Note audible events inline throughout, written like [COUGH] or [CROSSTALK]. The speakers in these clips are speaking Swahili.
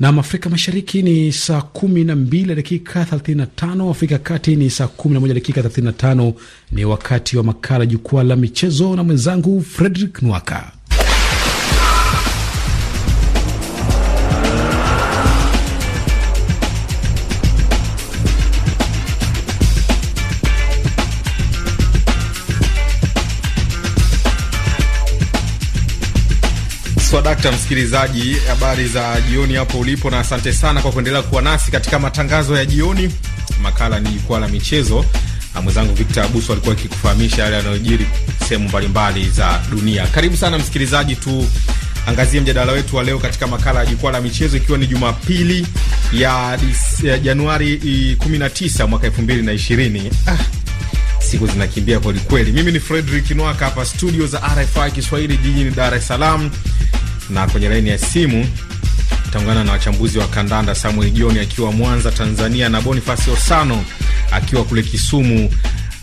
Nam Afrika Mashariki ni saa kumi na mbili dakika thelathini na tano. Afrika Kati ni saa kumi na moja dakika thelathini na tano. Ni wakati wa makala Jukwaa la Michezo na mwenzangu Fredrick Nwaka. swadakta msikilizaji, habari za jioni hapo ulipo, na asante sana kwa kuendelea kuwa nasi katika matangazo ya jioni. Makala ni jukwaa la michezo. Mwenzangu Victor Abuso alikuwa akikufahamisha yale yanayojiri sehemu mbalimbali za dunia. Karibu sana msikilizaji, tuangazie mjadala wetu wa leo katika makala ya jukwaa la michezo, ikiwa ni Jumapili ya Januari 19 mwaka 2020. Ah, siku zinakimbia kwelikweli. Mimi ni Fredrick Nwaka hapa studio za RFI Kiswahili jijini Dar es Salaam na kwenye laini ya simu tutaungana na wachambuzi wa kandanda Samuel Joni akiwa Mwanza, Tanzania, na Bonifasi Osano akiwa kule Kisumu,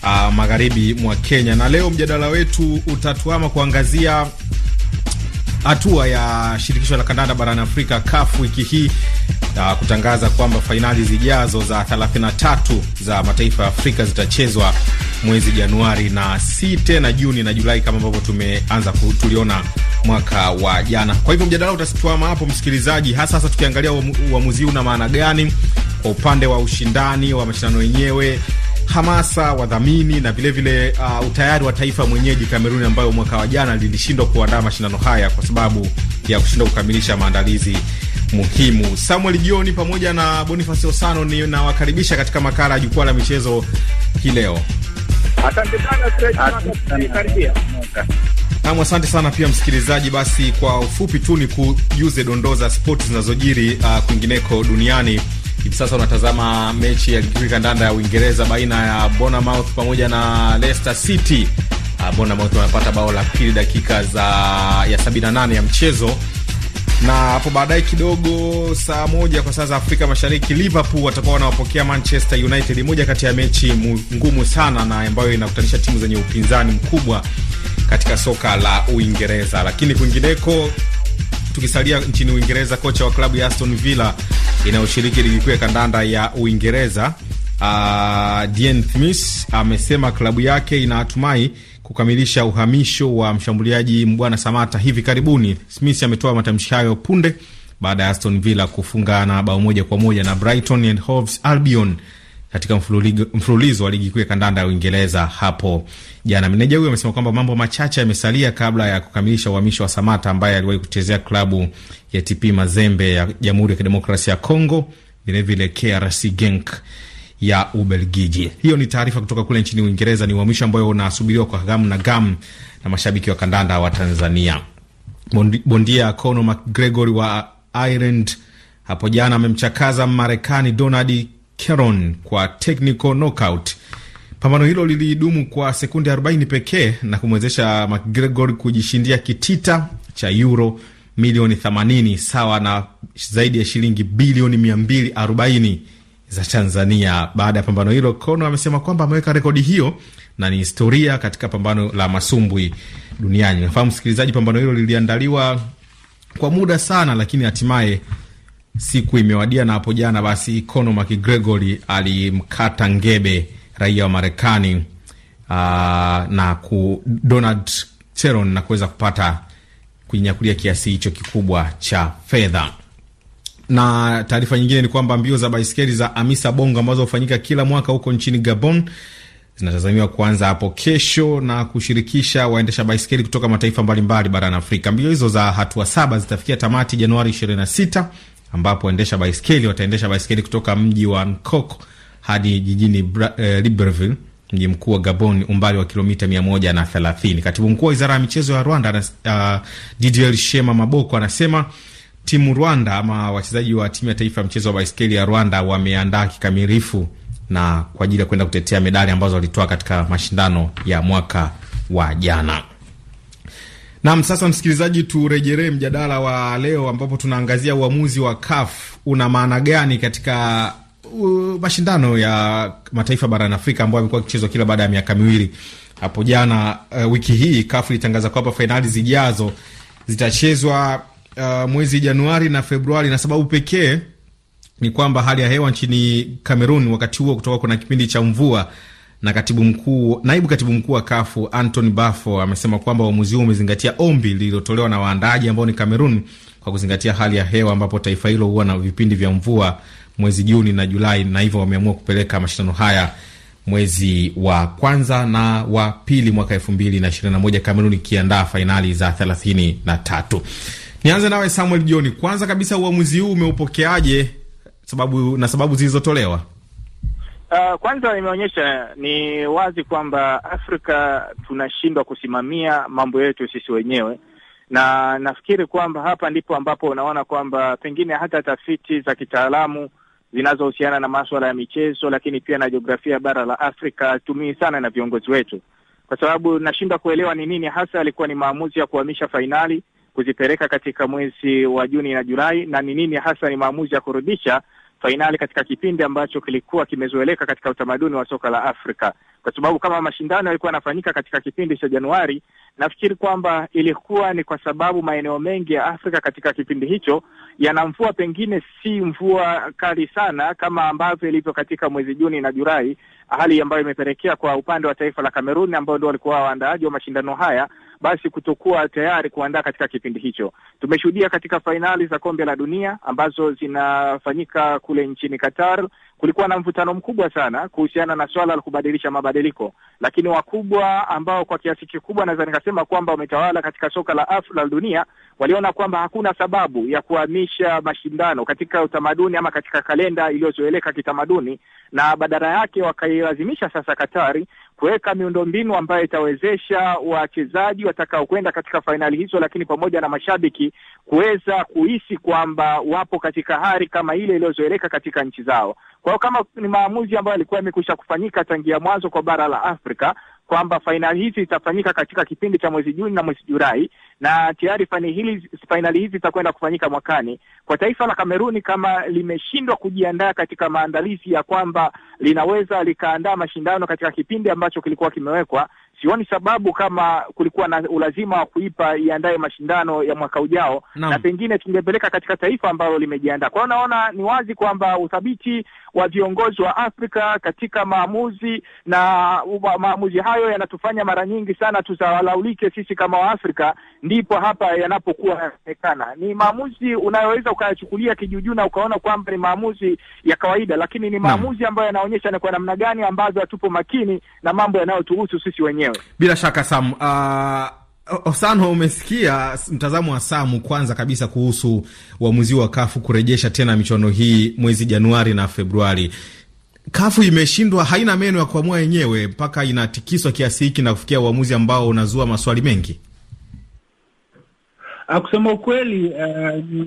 uh, magharibi mwa Kenya. Na leo mjadala wetu utatuama kuangazia hatua ya shirikisho la kandanda barani Afrika CAF wiki hii na kutangaza kwamba fainali zijazo za 33 za mataifa ya Afrika zitachezwa mwezi Januari na si tena Juni na Julai kama ambavyo tumeanza tuliona mwaka wa jana. Kwa hivyo mjadala utasituama hapo, msikilizaji, hasa hasa tukiangalia uamuzi huu na maana gani kwa upande wa ushindani wa mashindano yenyewe hamasa, wadhamini na vilevile uh, utayari wa taifa mwenyeji Kameruni, ambayo mwaka wa jana lilishindwa kuandaa mashindano haya kwa sababu ya kushindwa kukamilisha maandalizi muhimu. Samuel Jioni pamoja na Boniface Osano ninawakaribisha katika makala ya jukwaa la michezo hii leo. Asante sana, asante sana pia msikilizaji. Basi kwa ufupi tu ni kujuze dondoo za spoti zinazojiri uh, kwingineko duniani Hivi sasa unatazama mechi ya ligi kuu kandanda ya Uingereza baina ya Bournemouth pamoja na Leicester City. Ah, Bournemouth wamepata bao la pili dakika za ya 78 ya mchezo na hapo baadaye kidogo, saa moja kwa saa za Afrika Mashariki, Liverpool watakuwa wanawapokea Manchester United, moja kati ya mechi ngumu sana na ambayo inakutanisha timu zenye upinzani mkubwa katika soka la Uingereza. Lakini kwingineko, tukisalia nchini Uingereza, kocha wa klabu ya Aston Villa inayoshiriki ligi kuu ya kandanda ya Uingereza. Uh, Dean Smith amesema klabu yake inatumai kukamilisha uhamisho wa mshambuliaji Mbwana Samata hivi karibuni. Smith ametoa matamshi hayo punde baada ya Aston Villa kufungana bao moja kwa moja na Brighton and Hove Albion katika mfululizo wa ligi kuu ya kandanda ya Uingereza hapo jana. Meneja huyo amesema kwamba mambo machache yamesalia kabla ya kukamilisha uhamisho wa Samata ambaye aliwahi kuchezea klabu ya TP Mazembe ya Jamhuri ya Kidemokrasia ya Kongo, vilevile KRC Genk ya Ubelgiji. Hiyo ni taarifa kutoka kule nchini Uingereza. Ni uhamisho ambayo unasubiriwa kwa gamu na gamu na mashabiki wa kandanda wa Tanzania. Bondia Conor McGregor wa Ireland hapo jana amemchakaza Marekani Donald Keron kwa technical knockout. Pambano hilo lilidumu kwa sekunde 40 pekee na kumwezesha McGregor kujishindia kitita cha euro milioni 80 sawa na zaidi ya shilingi bilioni 240 za Tanzania. Baada ya pambano hilo, Kono amesema kwamba ameweka rekodi hiyo na ni historia katika pambano la masumbwi duniani. Nafahamu msikilizaji, pambano hilo liliandaliwa kwa muda sana, lakini hatimaye siku imewadia, na hapo jana basi Conor McGregor alimkata ngebe raia wa Marekani uh, na ku Donald Cerrone na kuweza kupata kujinyakulia kiasi hicho kikubwa cha fedha. Na taarifa nyingine ni kwamba mbio za baiskeli za Amisa Bongo ambazo hufanyika kila mwaka huko nchini Gabon zinatazamiwa kuanza hapo kesho na kushirikisha waendesha baiskeli kutoka mataifa mbalimbali barani Afrika. Mbio hizo za hatua saba zitafikia tamati Januari ishirini na sita ambapo waendesha baiskeli wataendesha baiskeli kutoka mji wa Nkok hadi jijini Bra eh, Libreville, mji mkuu wa Gabon, umbali wa kilomita thelathini. Katibu mkuu wa wizara ya michezo ya Rwanda uh, Didier Shema Maboko anasema timu Rwanda ama wachezaji wa timu ya taifa ya mchezo wa baiskeli ya Rwanda wameandaa kikamilifu na kwa ajili ya kwenda kutetea medali ambazo walitoa katika mashindano ya mwaka wa jana. Nam, sasa msikilizaji, turejelee mjadala wa leo ambapo tunaangazia uamuzi wa CAF una maana gani katika mashindano ya mataifa barani Afrika ambayo amekuwa akichezwa kila baada ya miaka miwili. Hapo jana uh, wiki hii CAF ilitangaza kwamba fainali zijazo zitachezwa uh, mwezi Januari na Februari, na sababu pekee ni kwamba hali ya hewa nchini Kamerun wakati huo kutoka kuna kipindi cha mvua na katibu mkuu, naibu katibu mkuu wa kafu Anthony Bafo amesema kwamba uamuzi huo umezingatia ombi lililotolewa na waandaaji ambao ni Kamerun kwa kuzingatia hali ya hewa ambapo taifa hilo huwa na vipindi vya mvua mwezi Juni na Julai, na hivyo wameamua kupeleka mashindano haya mwezi wa kwanza na wa pili mwaka elfu mbili na ishirini na moja Kamerun ikiandaa fainali za thelathini na tatu. Nianze nawe Samuel Joni, kwanza kabisa uamuzi huu umeupokeaje sababu, na sababu zilizotolewa? Uh, kwanza imeonyesha ni wazi kwamba Afrika tunashindwa kusimamia mambo yetu sisi wenyewe, na nafikiri kwamba hapa ndipo ambapo unaona kwamba pengine hata tafiti za kitaalamu zinazohusiana na masuala ya michezo, lakini pia na jiografia bara la Afrika tumii sana na viongozi wetu, kwa sababu nashindwa kuelewa ni nini hasa alikuwa ni maamuzi ya kuhamisha fainali kuzipeleka katika mwezi wa Juni na Julai, na ni nini hasa ni maamuzi ya kurudisha fainali katika kipindi ambacho kilikuwa kimezoeleka katika utamaduni wa soka la Afrika, kwa sababu kama mashindano yalikuwa yanafanyika katika kipindi cha Januari, nafikiri kwamba ilikuwa ni kwa sababu maeneo mengi ya Afrika katika kipindi hicho yana mvua, pengine si mvua kali sana kama ambavyo ilivyo katika mwezi Juni na Julai, hali ambayo imepelekea kwa upande wa taifa la Kamerun, ambao ndio walikuwa waandaaji wa mashindano haya basi kutokuwa tayari kuandaa katika kipindi hicho. Tumeshuhudia katika fainali za kombe la dunia ambazo zinafanyika kule nchini Qatar, kulikuwa na mvutano mkubwa sana kuhusiana na swala la kubadilisha mabadiliko, lakini wakubwa ambao kwa kiasi kikubwa naweza nikasema kwamba wametawala katika soka la Afrika la dunia waliona kwamba hakuna sababu ya kuhamisha mashindano katika utamaduni ama katika kalenda iliyozoeleka kitamaduni, na badala yake wakailazimisha sasa Katari kuweka miundombinu ambayo itawezesha wachezaji watakaokwenda katika fainali hizo, lakini pamoja na mashabiki kuweza kuhisi kwamba wapo katika hali kama ile iliyozoeleka katika nchi zao. Kwa hiyo kama ni maamuzi ambayo yalikuwa yamekwisha kufanyika tangia mwanzo kwa bara la Afrika, kwamba fainali hizi zitafanyika katika kipindi cha mwezi Juni na mwezi Julai, na tayari fainali hizi zitakwenda kufanyika mwakani. Kwa taifa la Kameruni, kama limeshindwa kujiandaa katika maandalizi ya kwamba linaweza likaandaa mashindano katika kipindi ambacho kilikuwa kimewekwa, sioni sababu kama kulikuwa na ulazima wa kuipa iandae mashindano ya mwaka ujao na, na pengine tungepeleka katika taifa ambalo limejiandaa. Kwa hiyo naona ni wazi kwamba uthabiti wa viongozi wa Afrika katika maamuzi na maamuzi hayo yanatufanya mara nyingi sana tuzalaulike sisi kama Waafrika, ndipo hapa yanapokuwa yanaonekana ni maamuzi unayoweza ukayachukulia kijujuu na ukaona kwamba ni maamuzi ya kawaida, lakini ni maamuzi ambayo yanaonyesha ni kwa namna gani ambazo hatupo makini na mambo yanayotuhusu sisi wenyewe wenyewe. Bila shaka Sam, uh, Osano, umesikia mtazamo wa Samu kwanza kabisa kuhusu uamuzi wa Kafu kurejesha tena michuano hii mwezi Januari na Februari. Kafu imeshindwa, haina meno ya kuamua yenyewe mpaka inatikiswa kiasi hiki na kufikia uamuzi ambao unazua maswali mengi. Ah, kusema ukweli uh,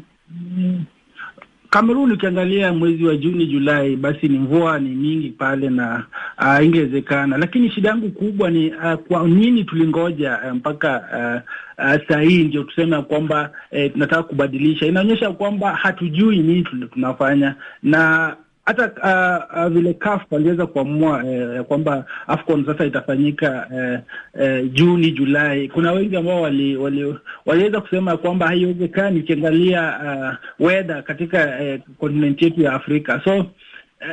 Kamerun ukiangalia mwezi wa Juni, Julai, basi ni mvua ni mingi pale na uh, ah, ingewezekana, lakini shida yangu kubwa ni uh, kwa nini tulingoja uh, mpaka uh, uh, saa hii ndio tuseme kwamba uh, tunataka kubadilisha. Inaonyesha kwamba hatujui nini tunafanya na hata uh, uh, vile CAF waliweza kuamua eh, kwamba AFCON sasa itafanyika eh, eh, Juni Julai. Kuna wengi ambao wali, wali, waliweza kusema kwamba haiwezekani ukiangalia uh, weather katika kontinenti eh, yetu ya Afrika so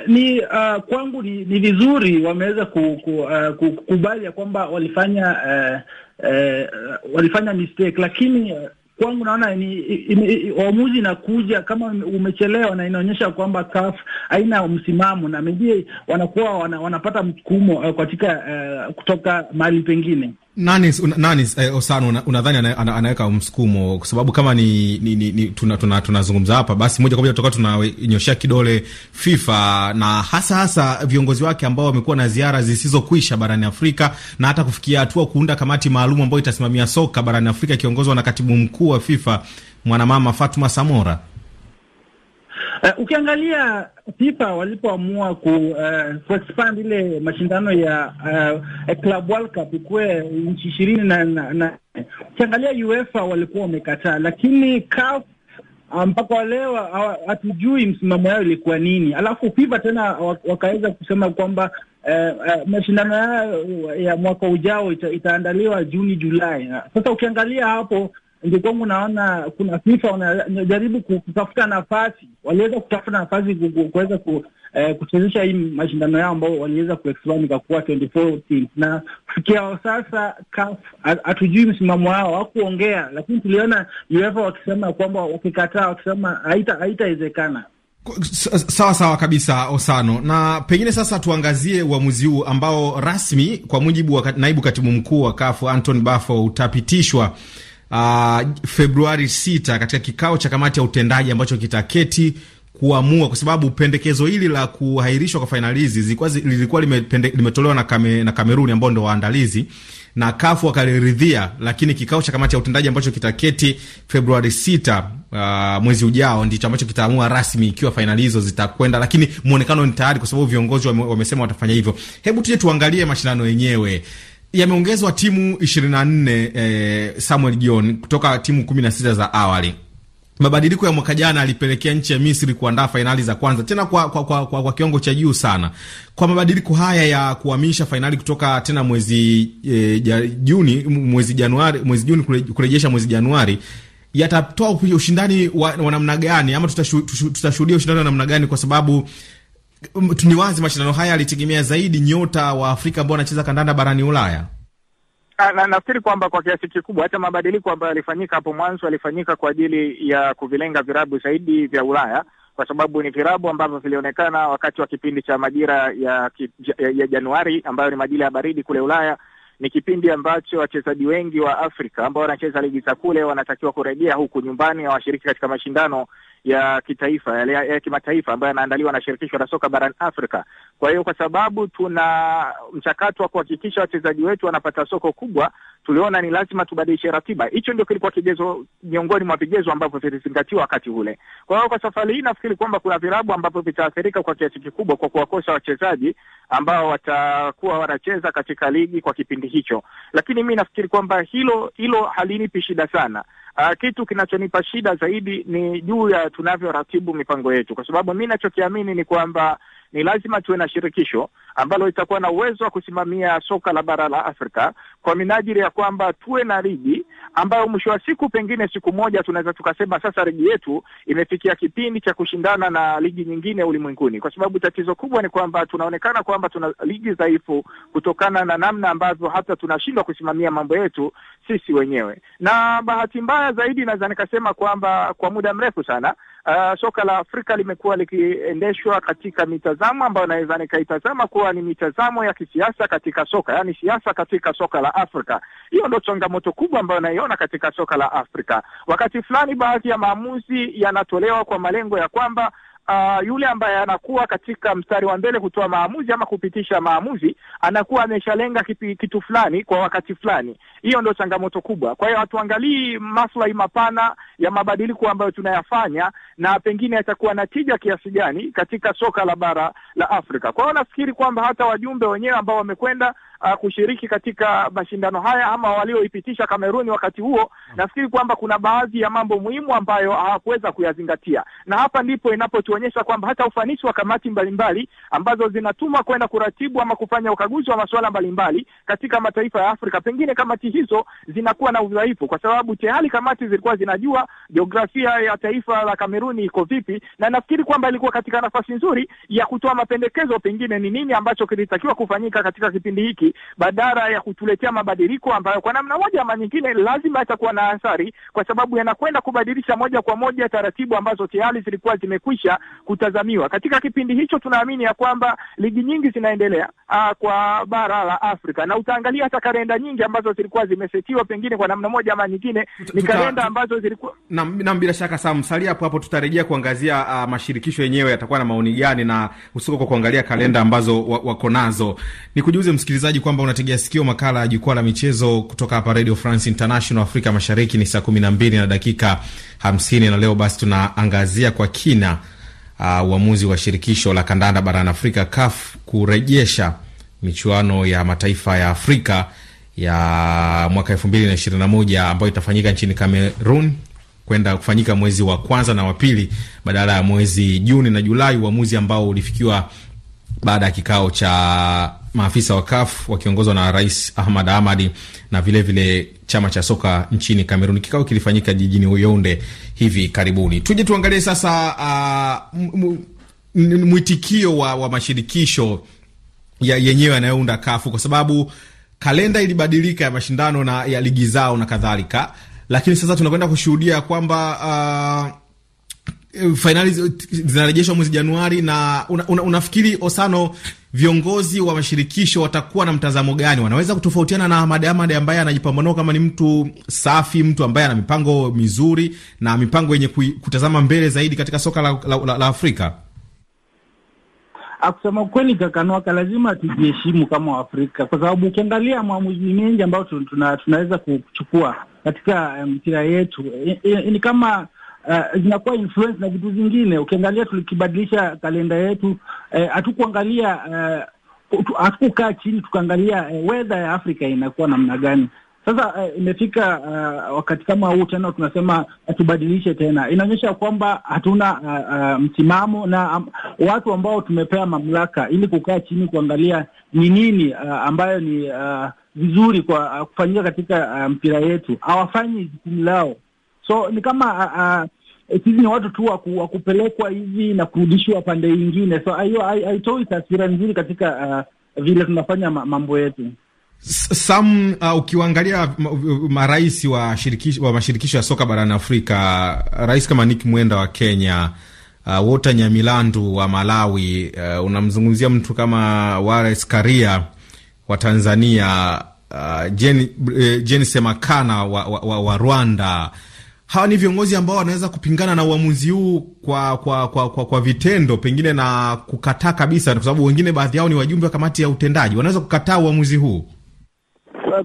ni uh, kwangu ni, ni vizuri wameweza kukubali uh, ya kwamba walifanya uh, uh, walifanya mistake, lakini kwangu naona ni uamuzi inakuja kama umechelewa, na inaonyesha kwamba CAF haina msimamo na mengie wanakuwa wana, wanapata msukumo eh, katika uh, kutoka mahali pengine nani nani eh, Osano unadhani una ana, anaweka msukumo kwa sababu kama ni, ni, ni tunazungumza tuna, tuna hapa basi moja kwa moja tutakuwa tunanyoshea kidole FIFA na hasa hasa viongozi wake ambao wamekuwa na ziara zisizokwisha barani Afrika na hata kufikia hatua kuunda kamati maalum ambayo itasimamia soka barani Afrika ikiongozwa na katibu mkuu wa FIFA mwanamama Fatuma Samora. Uh, ukiangalia FIFA walipoamua ku, uh, eh, expand ile mashindano ya uh, Club World Cup ikuwe nchi ishirini na na, ukiangalia UEFA walikuwa wamekataa, lakini CAF ah, mpaka um, leo ah, hatujui msimamo yao ilikuwa nini. Alafu FIFA tena wakaweza kusema kwamba uh, uh, mashindano yao ya mwaka ujao ita, itaandaliwa Juni Julai. Sasa ukiangalia hapo ndio unaona kuna FIFA wanajaribu kutafuta nafasi, waliweza kutafuta nafasi kuweza ku, eh, kuchezesha hii mashindano yao ambao waliweza kuexpand ikakuwa na kufikia sasa CAF hatujui msimamo wao, hawakuongea, lakini tuliona UEFA wakisema kwamba wakikataa, wakisema haitawezekana. Sawa sawa kabisa Osano, na pengine sasa tuangazie uamuzi huu ambao rasmi kwa mujibu wa naibu katibu mkuu wa CAF Anton Bafo utapitishwa uh, Februari 6 katika kikao cha kamati ya utendaji ambacho kitaketi kuamua kwa sababu pendekezo hili la kuhairishwa kwa fainali hizi lilikuwa limetolewa na, kame, na Kameruni ambao ndio waandalizi na kafu wakaliridhia, lakini kikao cha kamati ya utendaji ambacho kitaketi Februari 6 uh, ah, mwezi ujao ndicho ambacho kitaamua rasmi ikiwa fainali hizo zitakwenda, lakini mwonekano ni tayari, kwa sababu viongozi wamesema watafanya hivyo. Hebu tuje tuangalie mashindano yenyewe yameongezwa timu 24 eh, Samuel Gion kutoka timu 16 za awali. Mabadiliko ya mwaka jana alipelekea nchi ya Misri kuandaa fainali za kwanza tena kwa, kwa, kwa, kwa, kwa kiwango cha juu sana. Kwa mabadiliko haya ya kuhamisha fainali kutoka tena mwezi e, Juni mwezi Januari mwezi Juni kurejesha mwezi Januari yatatoa ushindani wa, wa namna gani ama tutashuhudia ushindani wa namna gani? Kwa sababu Um, ni wazi mashindano haya yalitegemea zaidi nyota wa Afrika ambao wanacheza kandanda barani Ulaya. Ah, na nafikiri kwamba kwa kiasi kikubwa hata mabadiliko ambayo yalifanyika hapo mwanzo yalifanyika kwa ajili ya kuvilenga virabu zaidi vya Ulaya, kwa sababu ni virabu ambavyo vilionekana wakati wa kipindi cha majira ya, ki, ya, ya Januari ambayo ni majira ya baridi kule Ulaya ni kipindi ambacho wachezaji wengi wa Afrika ambao wanacheza ligi za kule wanatakiwa kurejea huku nyumbani na washiriki katika mashindano ya kitaifa ya, ya kimataifa ambayo yanaandaliwa na shirikisho la soka barani Afrika. Kwa hiyo kwa sababu tuna mchakato wa kuhakikisha wachezaji wetu wanapata soko kubwa, tuliona ni lazima tubadilishe ratiba. Hicho ndio kilikuwa kigezo miongoni mwa vigezo ambavyo vilizingatiwa wakati ule. Kwa hiyo kwa safari hii nafikiri kwamba kuna vilabu ambavyo vitaathirika kwa kiasi kikubwa kwa kuwakosa wachezaji ambao watakuwa wanacheza katika ligi kwa kipindi hicho, lakini mi nafikiri kwamba hilo hilo halinipi shida sana. Uh, kitu kinachonipa shida zaidi ni juu ya tunavyoratibu mipango yetu, kwa sababu mi nachokiamini ni kwamba ni lazima tuwe na shirikisho ambalo litakuwa na uwezo wa kusimamia soka la bara la Afrika kwa minajili ya kwamba tuwe na ligi ambayo mwisho wa siku, pengine siku moja, tunaweza tukasema sasa ligi yetu imefikia kipindi cha kushindana na ligi nyingine ulimwenguni, kwa sababu tatizo kubwa ni kwamba tunaonekana kwamba tuna ligi dhaifu kutokana na namna ambavyo hata tunashindwa kusimamia mambo yetu sisi wenyewe, na bahati mbaya zaidi naweza nikasema kwamba kwa muda mrefu sana Uh, soka la Afrika limekuwa likiendeshwa katika mitazamo ambayo naweza nikaitazama kuwa ni mitazamo ya kisiasa katika soka, yaani siasa katika soka la Afrika. Hiyo ndo changamoto kubwa ambayo naiona katika soka la Afrika. Wakati fulani, baadhi ya maamuzi yanatolewa kwa malengo ya kwamba uh, yule ambaye anakuwa katika mstari wa mbele kutoa maamuzi ama kupitisha maamuzi anakuwa ameshalenga kitu, kitu fulani kwa wakati fulani. Hiyo ndio changamoto kubwa. Kwa hiyo hatuangalii maslahi mapana ya mabadiliko ambayo tunayafanya na pengine yatakuwa na tija kiasi gani katika soka la bara la Afrika. Kwa hiyo nafikiri kwamba hata wajumbe wenyewe ambao wamekwenda uh, kushiriki katika mashindano haya ama walioipitisha Kameruni wakati huo, nafikiri kwamba kuna baadhi ya mambo muhimu ambayo hawakuweza kuyazingatia, na hapa ndipo inapotuonyesha kwamba hata ufanisi wa kamati mbalimbali mbali, ambazo zinatumwa kwenda kuratibu ama kufanya ukaguzi wa masuala mbalimbali katika mataifa ya Afrika, pengine kamati hizo zinakuwa na udhaifu, kwa sababu tayari kamati zilikuwa zinajua jiografia ya taifa la Kameruni iko vipi, na nafikiri kwamba ilikuwa katika nafasi nzuri ya kutoa mapendekezo, pengine ni nini ambacho kilitakiwa kufanyika katika kipindi hiki hii, badala ya kutuletea mabadiliko ambayo kwa namna moja ama nyingine lazima yatakuwa na athari, kwa sababu yanakwenda kubadilisha moja kwa moja taratibu ambazo tayari zilikuwa zimekwisha kutazamiwa. Katika kipindi hicho, tunaamini ya kwamba ligi nyingi zinaendelea aa, ah, kwa bara la Afrika, na utaangalia hata kalenda nyingi ambazo zilikuwa zimesetiwa, pengine kwa namna moja ama nyingine ni kalenda ambazo zilikuwa na, na bila shaka Sam, salia hapo hapo, tutarejea kuangazia uh, mashirikisho yenyewe yatakuwa na maoni gani, na usiku kwa kuangalia kalenda ambazo wako wa nazo. Nikujuze msikilizaji msikilizaji kwamba unategea sikio makala ya jukwaa la michezo kutoka hapa Radio France International. Afrika Mashariki ni saa 12 na na dakika 50, na leo basi tunaangazia kwa kina uh, uamuzi wa shirikisho la kandanda barani Afrika CAF kurejesha michuano ya mataifa ya Afrika ya mwaka 2021 ambayo itafanyika nchini Cameroon kwenda kufanyika mwezi wa kwanza na wa pili badala ya mwezi Juni na Julai, uamuzi ambao ulifikiwa baada ya kikao cha maafisa wa kaf wakiongozwa na Rais Ahmad Ahmadi na vilevile vile chama cha soka nchini cameron Kikao kilifanyika jijini Yaounde hivi karibuni. Tuje tuangalie sasa uh, mwitikio wa, wa mashirikisho ya yenyewe yanayounda kafu kwa sababu kalenda ilibadilika ya mashindano na ya ligi zao na kadhalika, lakini sasa tunakwenda kushuhudia kwamba uh, fainali zinarejeshwa mwezi Januari na una, una, unafikiri Osano, viongozi wa mashirikisho watakuwa na mtazamo gani? Wanaweza kutofautiana na Ahmad Ahmad ambaye anajipambanua kama ni mtu safi, mtu ambaye ana mipango mizuri na mipango yenye kutazama mbele zaidi katika soka la, la, la, la Afrika. Akusema kweli, Kakanwaka, lazima tujiheshimu kama Waafrika kwa sababu ukiangalia maamuzi mengi ambayo tunaweza kuchukua katika eh, mpira um, yetu ni kama uh, zinakuwa influence na vitu vingine Ukiangalia tulikibadilisha kalenda yetu eh, hatukuangalia uh, hatukukaa chini tukaangalia uh, weather ya Afrika inakuwa namna gani. Sasa uh, imefika uh, wakati kama huu tena tunasema tubadilishe tena, inaonyesha kwamba hatuna uh, uh, msimamo na um, watu ambao tumepewa mamlaka ili kukaa chini kuangalia ni nini uh, ambayo ni uh, vizuri kwa uh, kufanyika katika uh, mpira yetu, hawafanyi jukumu lao. So ni kama uh, uh, sisi ni watu tu wakupelekwa kupelekwa hivi na kurudishiwa pande ingine, so hiyo haitoi taswira nzuri katika uh, vile tunafanya mambo yetu. Sam uh, ukiwaangalia marais wa, wa mashirikisho ya soka barani Afrika, rais kama Nick Mwenda wa Kenya, uh, Walter Nyamilandu wa Malawi, uh, unamzungumzia mtu kama wares Karia wa Tanzania, uh, Jen, uh, e, Jen Semakana wa, wa, wa, wa Rwanda hawa ni viongozi ambao wanaweza kupingana na uamuzi huu kwa kwa, kwa, kwa kwa vitendo pengine na kukataa kabisa, kwa sababu wengine baadhi yao ni wajumbe wa kamati ya utendaji, wanaweza kukataa uamuzi huu.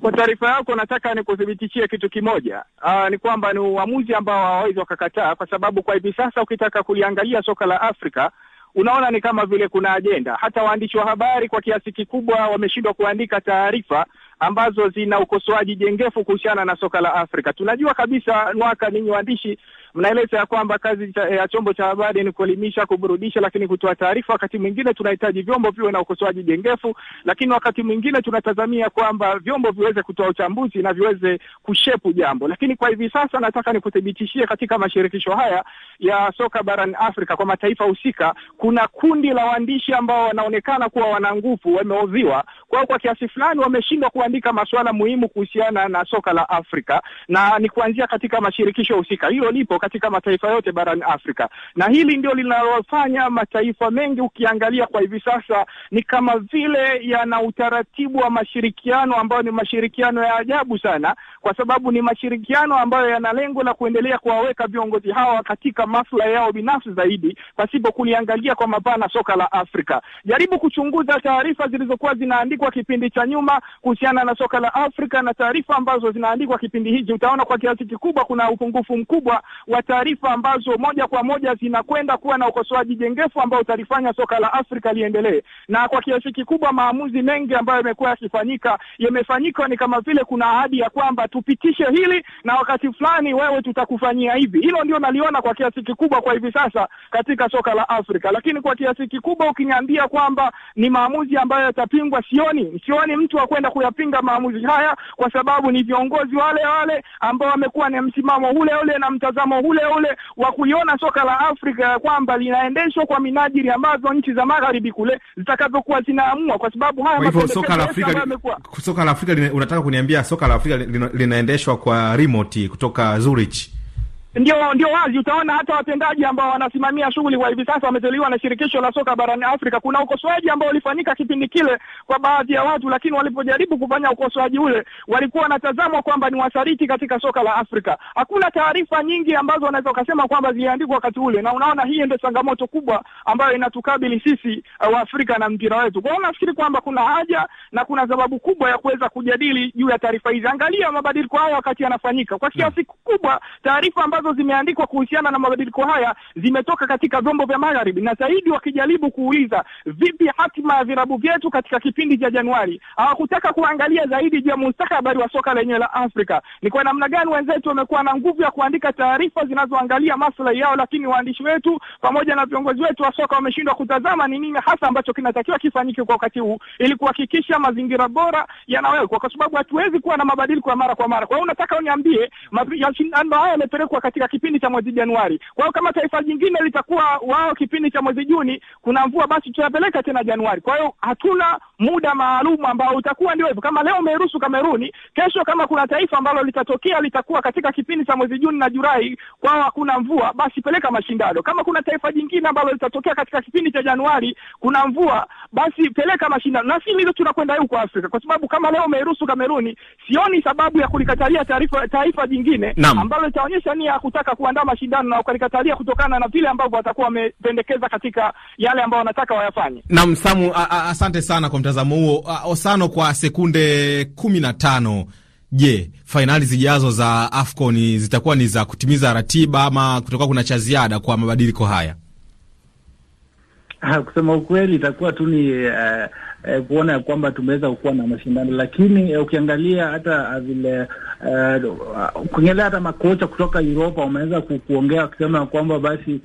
Kwa taarifa yako, nataka nikuthibitishie kitu kimoja. Aa, ah, ni kwamba ni uamuzi ambao hawawezi wakakataa, kwa sababu kwa hivi sasa ukitaka kuliangalia soka la Afrika unaona ni kama vile kuna ajenda. Hata waandishi wa habari kwa kiasi kikubwa wameshindwa kuandika taarifa ambazo zina ukosoaji jengefu kuhusiana na soka la Afrika. Tunajua kabisa mwaka, ninyi waandishi mnaeleza ya kwamba kazi cha, ya chombo cha habari ni kuelimisha, kuburudisha, lakini kutoa taarifa. Wakati mwingine tunahitaji vyombo viwe na ukosoaji jengefu, lakini wakati mwingine tunatazamia kwamba vyombo viweze kutoa uchambuzi na viweze kushepu jambo. Lakini kwa hivi sasa nataka nikuthibitishie, katika mashirikisho haya ya soka barani Afrika kwa mataifa husika, kuna kundi la waandishi ambao wanaonekana kuwa wana nguvu, wameoviwa kwao, kwa kiasi fulani wameshindwa kuwa kuandika masuala muhimu kuhusiana na soka la Afrika na ni kuanzia katika mashirikisho husika. Hilo lipo katika mataifa yote barani Afrika, na hili ndio linalofanya mataifa mengi, ukiangalia kwa hivi sasa, ni kama vile yana utaratibu wa mashirikiano ambayo ni mashirikiano ya ajabu sana, kwa sababu ni mashirikiano ambayo yana lengo la kuendelea kuwaweka viongozi hawa katika maslahi yao binafsi zaidi, pasipo kuliangalia kwa mapana soka la Afrika. Jaribu kuchunguza taarifa zilizokuwa zinaandikwa kipindi cha nyuma kuhusiana kulingana na soka la Afrika na taarifa ambazo zinaandikwa kipindi hiki, utaona kwa kiasi kikubwa kuna upungufu mkubwa wa taarifa ambazo moja kwa moja zinakwenda kuwa na ukosoaji jengefu ambao utalifanya soka la Afrika liendelee. Na kwa kiasi kikubwa maamuzi mengi ambayo yamekuwa yakifanyika yamefanyika ni kama vile kuna ahadi ya kwamba tupitishe hili na wakati fulani wewe tutakufanyia hivi. Hilo ndio naliona kwa kiasi kikubwa kwa hivi sasa katika soka la Afrika, lakini kwa kiasi kikubwa ukiniambia kwamba ni maamuzi ambayo yatapingwa, sioni sioni mtu kwenda kuyapinga kupinga maamuzi haya, kwa sababu ni viongozi wale wale ambao wamekuwa na msimamo ule ule na mtazamo ule ule wa kuiona soka la Afrika ya kwamba linaendeshwa kwa minajili ambazo nchi za magharibi kule zitakazokuwa zinaamua, kwa sababu haya kwa hivyo soka la Afrika, soka la Afrika unataka kuniambia soka la Afrika linaendeshwa kwa remote kutoka Zurich? ndio ndio wazi, utaona hata watendaji ambao wanasimamia shughuli kwa hivi sasa wameteuliwa na shirikisho la soka barani Afrika. Kuna ukosoaji ambao ulifanyika kipindi kile kwa baadhi ya watu, lakini walipojaribu kufanya ukosoaji ule walikuwa wanatazamwa kwamba ni wasaliti katika soka la Afrika. Hakuna taarifa nyingi ambazo wanaweza ukasema kwamba ziliandikwa wakati ule, na unaona hii ndio changamoto kubwa ambayo inatukabili sisi uh, wa Afrika na mpira wetu. Kwa hiyo nafikiri kwamba kuna haja na kuna sababu kubwa ya kuweza kujadili juu ya taarifa hizi. Angalia mabadiliko haya wakati yanafanyika, kwa kiasi kikubwa taarifa ambazo ambazo zimeandikwa kuhusiana na mabadiliko haya zimetoka katika vyombo vya magharibi, na zaidi wakijaribu kuuliza vipi hatima ya virabu vyetu katika kipindi cha Januari. Hawakutaka kuangalia zaidi juu ya mustakabali wa soka lenyewe la Afrika, ni kwa namna gani wenzetu wamekuwa na nguvu ya kuandika taarifa zinazoangalia maslahi yao, lakini waandishi wetu pamoja na viongozi wetu wa soka wameshindwa kutazama ni nini hasa ambacho kinatakiwa kifanyike kwa wakati huu ili kuhakikisha mazingira bora yanawekwa, kwa sababu hatuwezi kuwa na mabadiliko ya mara kwa mara. Kwa hiyo unataka uniambie mashindano haya yamepelekwa katika kipindi cha mwezi Januari. Kwa hiyo kama taifa jingine litakuwa wao kipindi cha mwezi Juni kuna mvua, basi tutapeleka tena Januari. Kwa hiyo hatuna muda maalum ambao utakuwa ndio hivyo. Kama leo umeruhusu Kameruni, kesho kama kuna taifa ambalo litatokea litakuwa katika kipindi cha mwezi Juni na Julai, kwao hakuna mvua, basi peleka mashindano. Kama kuna taifa jingine ambalo litatokea katika kipindi cha Januari kuna mvua, basi peleka mashindano. Na si hilo tunakwenda huko Afrika, kwa sababu kama leo umeruhusu Kameruni, sioni sababu ya kulikatalia taifa jingine ambalo litaonyesha nia kutaka kuandaa mashindano na ukalikatalia kutokana na vile ambavyo watakuwa wamependekeza katika yale ambayo wanataka wayafanye. Naam, Samu, asante sana kwa mtazamo huo. Osano, kwa sekunde kumi na tano. Je, fainali zijazo za AFCON zitakuwa ni za kutimiza ratiba ama kutokuwa kuna cha ziada kwa mabadiliko haya? Ha, ah, kusema ukweli itakuwa tu ni uh, eh, kuona ya kwamba tumeweza kuwa na mashindano, lakini eh, ukiangalia hata ah, vile Uh, ukiangalia hata makocha kutoka Uropa wameweza kuongea wakisema kwamba basi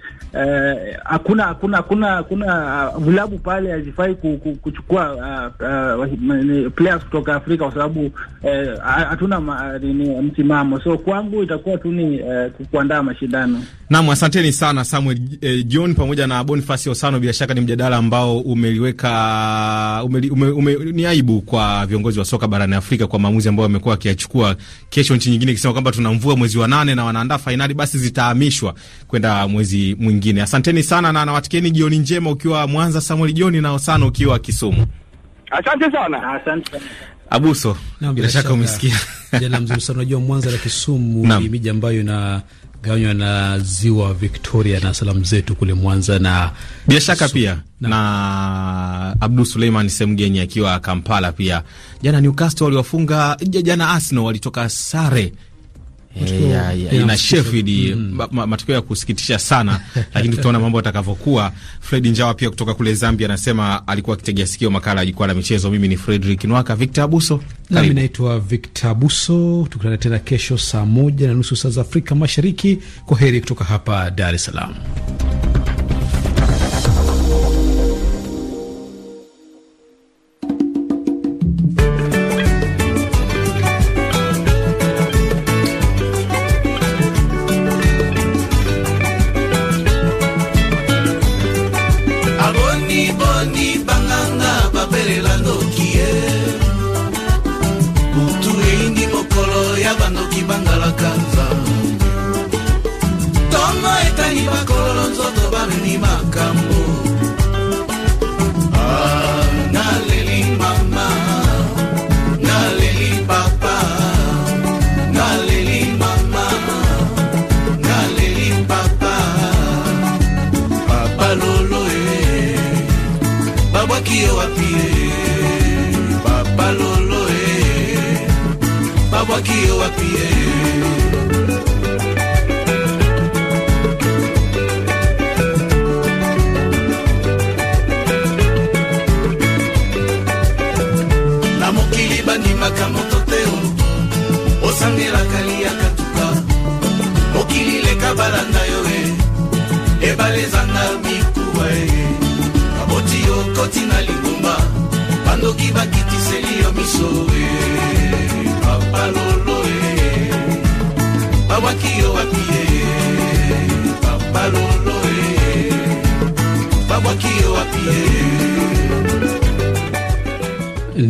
hakuna eh, hakuna hakuna hakuna uh, vilabu pale hazifai kuchukua uh, uh, players kutoka Afrika kwa sababu eh, hatuna uh, msimamo. So kwangu itakuwa tu ni uh, kuandaa mashindano. Naam, asanteni sana Samuel eh, John pamoja na Boniface Osano. Bila shaka ni mjadala ambao umeliweka ume, ume, ume, ni aibu kwa viongozi wa soka barani Afrika kwa maamuzi ambayo wamekuwa wakiachukua. Kesho nchi nyingine ikisema kwamba tuna mvua mwezi wa nane na wanaandaa fainali, basi zitahamishwa kwenda mwezi mwingine. Asanteni sana na nawatikeni jioni njema, ukiwa Mwanza Samuel Joni nao sana ukiwa Kisumu. Asante sana. Asante. Abuso, bila shaka umesikia [LAUGHS] jana mzuri sana. Unajua Mwanza na Kisumu ni miji ambayo ina gawanywa na ziwa Victoria na salamu zetu kule Mwanza na bila shaka pia na, na Abdul Suleiman Semgeni akiwa Kampala pia. Jana Newcastle waliwafunga, jana Arsenal walitoka sare ina Sheffield mm. Matokeo ya kusikitisha sana [LAUGHS] lakini tutaona mambo yatakavyokuwa. Fred Njawa pia kutoka kule Zambia anasema alikuwa akitegea sikio makala ya jukwaa la michezo. Mimi ni Fredrick Nwaka, Victor Abuso nami naitwa Victor Abuso. Tukutane tena kesho saa moja na nusu saa za Afrika Mashariki. Kwa heri kutoka hapa Dar es Salaam.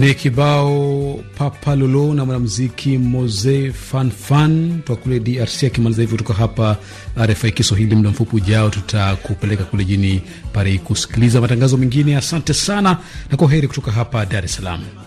ni kibao Papa Lolo na mwanamuziki Mose Fanfan toka kule DRC akimaliza hivyo. Kutoka hapa RFI Kiswahili, muda mfupi ujao tutakupeleka kule jini Paris kusikiliza matangazo mengine. Asante sana na kwa heri kutoka hapa Dar es Salaam.